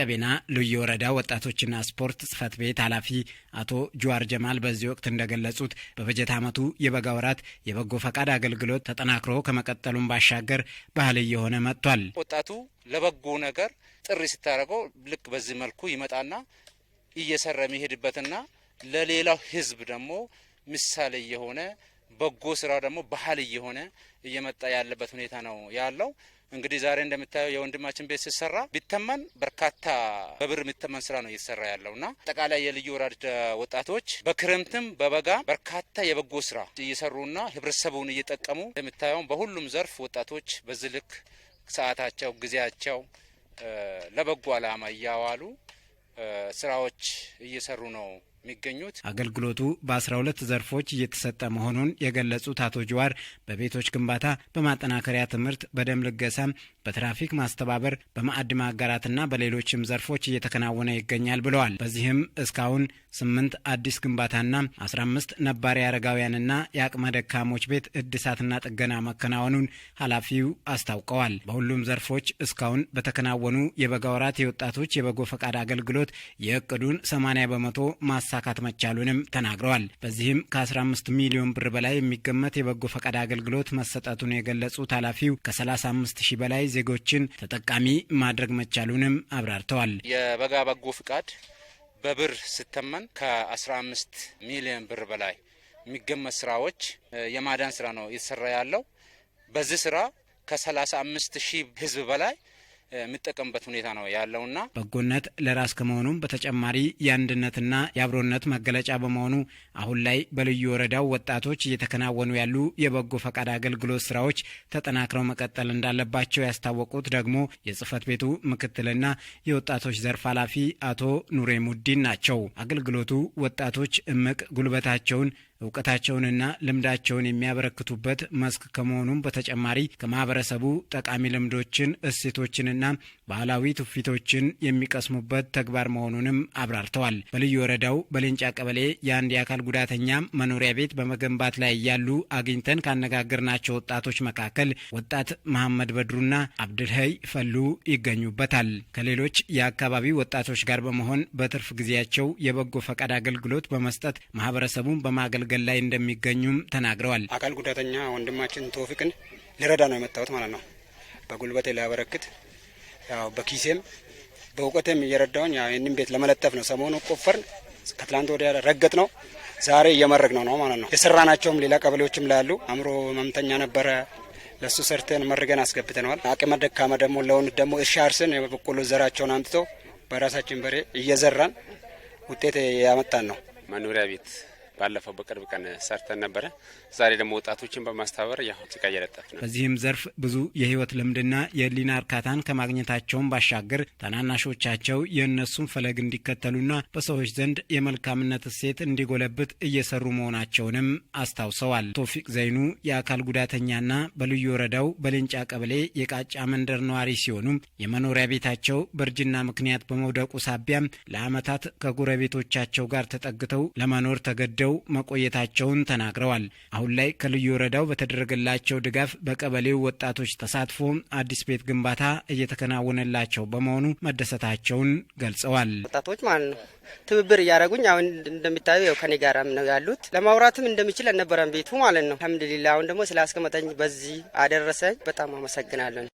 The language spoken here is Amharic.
ቀቤና ልዩ ወረዳ ወጣቶችና ስፖርት ጽህፈት ቤት ኃላፊ አቶ ጁዋር ጀማል በዚህ ወቅት እንደገለጹት በበጀት ዓመቱ የበጋ ወራት የበጎ ፈቃድ አገልግሎት ተጠናክሮ ከመቀጠሉን ባሻገር ባህል እየሆነ መጥቷል። ወጣቱ ለበጎ ነገር ጥሪ ስታደርገው ልክ በዚህ መልኩ ይመጣና እየሰራ የሚሄድበትና ለሌላው ህዝብ ደግሞ ምሳሌ እየሆነ በጎ ስራ ደግሞ ባህል እየሆነ እየመጣ ያለበት ሁኔታ ነው ያለው። እንግዲህ ዛሬ እንደምታየው የወንድማችን ቤት ሲሰራ ቢተመን በርካታ በብር የሚተመን ስራ ነው እየተሰራ ያለውና አጠቃላይ የልዩ ወረዳ ወጣቶች በክረምትም በበጋ በርካታ የበጎ ስራ እየሰሩና ህብረተሰቡን እየጠቀሙ እንደምታየውም በሁሉም ዘርፍ ወጣቶች በዚህ ልክ ሰዓታቸው፣ ጊዜያቸው ለበጎ አላማ እያዋሉ ስራዎች እየሰሩ ነው የሚገኙት። አገልግሎቱ በ12 ዘርፎች እየተሰጠ መሆኑን የገለጹት አቶ ጅዋር በቤቶች ግንባታ፣ በማጠናከሪያ ትምህርት፣ በደም ልገሳ፣ በትራፊክ ማስተባበር፣ በማዕድ ማጋራትና በሌሎችም ዘርፎች እየተከናወነ ይገኛል ብለዋል። በዚህም እስካሁን ስምንት አዲስ ግንባታና 15 ነባሪ አረጋውያንና የአቅመ ደካሞች ቤት እድሳትና ጥገና መከናወኑን ኃላፊው አስታውቀዋል። በሁሉም ዘርፎች እስካሁን በተከናወኑ የበጋ ወራት የወጣቶች የበጎ ፈቃድ አገልግሎት የእቅዱን 80 በመቶ ማሳ ማሳካት መቻሉንም ተናግረዋል። በዚህም ከ15 ሚሊዮን ብር በላይ የሚገመት የበጎ ፈቃድ አገልግሎት መሰጠቱን የገለጹት ኃላፊው ከ35 ሺህ በላይ ዜጎችን ተጠቃሚ ማድረግ መቻሉንም አብራርተዋል። የበጋ በጎ ፍቃድ በብር ስተመን ከ15 ሚሊዮን ብር በላይ የሚገመት ስራዎች የማዳን ስራ ነው እየተሰራ ያለው። በዚህ ስራ ከ35 ሺህ ህዝብ በላይ የምጠቀምበት ሁኔታ ነው ያለውና በጎነት ለራስ ከመሆኑም በተጨማሪ የአንድነትና የአብሮነት መገለጫ በመሆኑ አሁን ላይ በልዩ ወረዳው ወጣቶች እየተከናወኑ ያሉ የበጎ ፈቃድ አገልግሎት ስራዎች ተጠናክረው መቀጠል እንዳለባቸው ያስታወቁት ደግሞ የጽህፈት ቤቱ ምክትልና የወጣቶች ዘርፍ ኃላፊ አቶ ኑሬ ሙዲን ናቸው። አገልግሎቱ ወጣቶች እምቅ ጉልበታቸውን እውቀታቸውንና ልምዳቸውን የሚያበረክቱበት መስክ ከመሆኑም በተጨማሪ ከማህበረሰቡ ጠቃሚ ልምዶችን፣ እሴቶችንና ባህላዊ ትውፊቶችን የሚቀስሙበት ተግባር መሆኑንም አብራርተዋል። በልዩ ወረዳው በሌንጫ ቀበሌ የአንድ የአካል ጉዳተኛ መኖሪያ ቤት በመገንባት ላይ ያሉ አግኝተን ካነጋገርናቸው ወጣቶች መካከል ወጣት መሐመድ በድሩና አብድልሀይ ፈሉ ይገኙበታል። ከሌሎች የአካባቢ ወጣቶች ጋር በመሆን በትርፍ ጊዜያቸው የበጎ ፈቃድ አገልግሎት በመስጠት ማህበረሰቡን በማገልገል በማገልገል ላይ እንደሚገኙም ተናግረዋል። አካል ጉዳተኛ ወንድማችን ቶፊቅን ልረዳ ነው የመጣሁት ማለት ነው። በጉልበቴ ላያበረክት ያው በኪሴም በእውቀቴም እየረዳውኝ ያው ይህንን ቤት ለመለጠፍ ነው። ሰሞኑ ቆፈርን፣ ከትላንት ወዲያ ረገጥ ነው፣ ዛሬ እየመረግ ነው ነው ማለት ነው። የሰራናቸውም ሌላ ቀበሌዎችም ላይ ያሉ አእምሮ መምተኛ ነበረ ለሱ ሰርተን መርገን አስገብተነዋል። አቅመ ደካማ ደግሞ ለሆኑት ደግሞ እርሻ አርስን የበቆሎ ዘራቸውን አምጥተው በራሳችን በሬ እየዘራን ውጤት ያመጣን ነው። መኖሪያ ቤት ባለፈው በቅርብ ቀን ሰርተን ነበረ። ዛሬ ደግሞ ወጣቶችን በማስተባበር ጭቃ እየለጠፍ ነው። በዚህም ዘርፍ ብዙ የህይወት ልምድና የህሊና እርካታን ከማግኘታቸውን ባሻገር ታናናሾቻቸው የእነሱን ፈለግ እንዲከተሉና በሰዎች ዘንድ የመልካምነት እሴት እንዲጎለብት እየሰሩ መሆናቸውንም አስታውሰዋል። ቶፊቅ ዘይኑ የአካል ጉዳተኛና በልዩ ወረዳው በሌንጫ ቀበሌ የቃጫ መንደር ነዋሪ ሲሆኑ የመኖሪያ ቤታቸው በእርጅና ምክንያት በመውደቁ ሳቢያም ለዓመታት ከጎረቤቶቻቸው ጋር ተጠግተው ለመኖር ተገደው ተይዘው መቆየታቸውን ተናግረዋል። አሁን ላይ ከልዩ ወረዳው በተደረገላቸው ድጋፍ በቀበሌው ወጣቶች ተሳትፎ አዲስ ቤት ግንባታ እየተከናወነላቸው በመሆኑ መደሰታቸውን ገልጸዋል። ወጣቶች ማለት ነው ትብብር እያደረጉኝ አሁን እንደሚታየው ከኔ ጋራም ነው ያሉት። ለማውራትም እንደሚችል አልነበረም ቤቱ ማለት ነው። አልሐምዱሊላ አሁን ደግሞ ስላስቀመጠኝ በዚህ አደረሰኝ። በጣም አመሰግናለሁ።